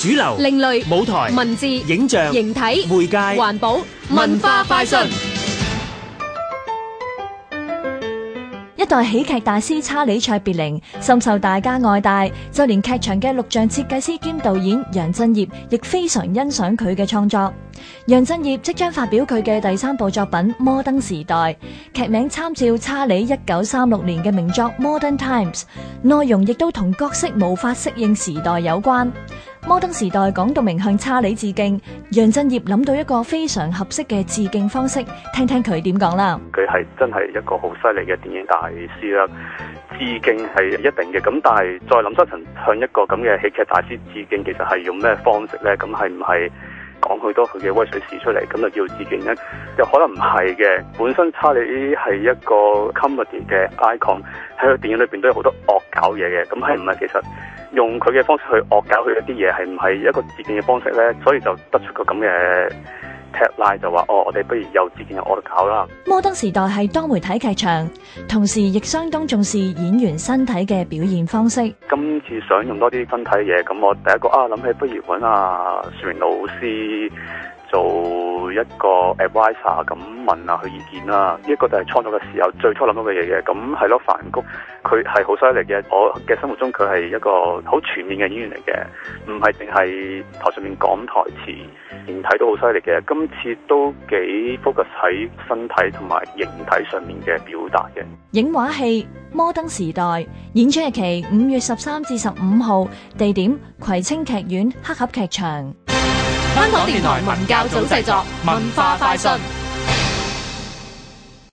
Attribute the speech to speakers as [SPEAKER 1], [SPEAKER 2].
[SPEAKER 1] 主流、另類舞台、文字、影像、形體、媒介、環保、文
[SPEAKER 2] 化、快訊。
[SPEAKER 1] 一代喜劇大師查理卓別林深受大家愛戴，就連劇場嘅錄像設計師兼導演楊振業亦非常欣賞佢嘅創作。楊振業即將發表佢嘅第三部作品《摩登時代》，劇名參照查理一九三六年嘅名作《Modern Times》，內容亦都同角色無法適應時代有關。摩登時代講到明向差利致敬，楊振業諗到一個非常合適嘅致敬方式，聽聽佢點講啦。
[SPEAKER 2] 佢係真係一個好犀利嘅電影大師啦，致敬係一定嘅。咁但係再諗多層向一個咁嘅喜劇大師致敬，其實係用咩方式呢？咁係唔係講好多佢嘅威水事出嚟，咁就叫致敬呢？又可能唔係嘅。本身差利係一個 comedy 嘅 icon，喺個電影裏邊都有好多惡搞嘢嘅。咁係唔係其實？用佢嘅方式去惡搞佢一啲嘢，係唔係一個節儉嘅方式咧？所以就得出個咁嘅 tagline 就話：哦，我哋不如又節儉又惡搞啦！
[SPEAKER 1] 摩登時代係多媒體劇場，同時亦相當重視演員身體嘅表現方式。
[SPEAKER 2] 今次想用多啲身體嘢，咁我第一個啊，諗起不如揾阿樹榮老師。做一個 advisor 咁問下佢意見啦，呢一個就係創作嘅時候最初諗到嘅嘢嘅，咁係咯，梵谷佢係好犀利嘅，我嘅心目中佢係一個好全面嘅演員嚟嘅，唔係淨係台上面講台詞，形體都好犀利嘅，今次都幾 focus 喺身體同埋形體上面嘅表達嘅。
[SPEAKER 1] 影畫戲《摩登時代》，演出日期五月十三至十五號，地點葵青劇院黑盒劇場。香港電台文教組製作，文化快
[SPEAKER 2] 訊。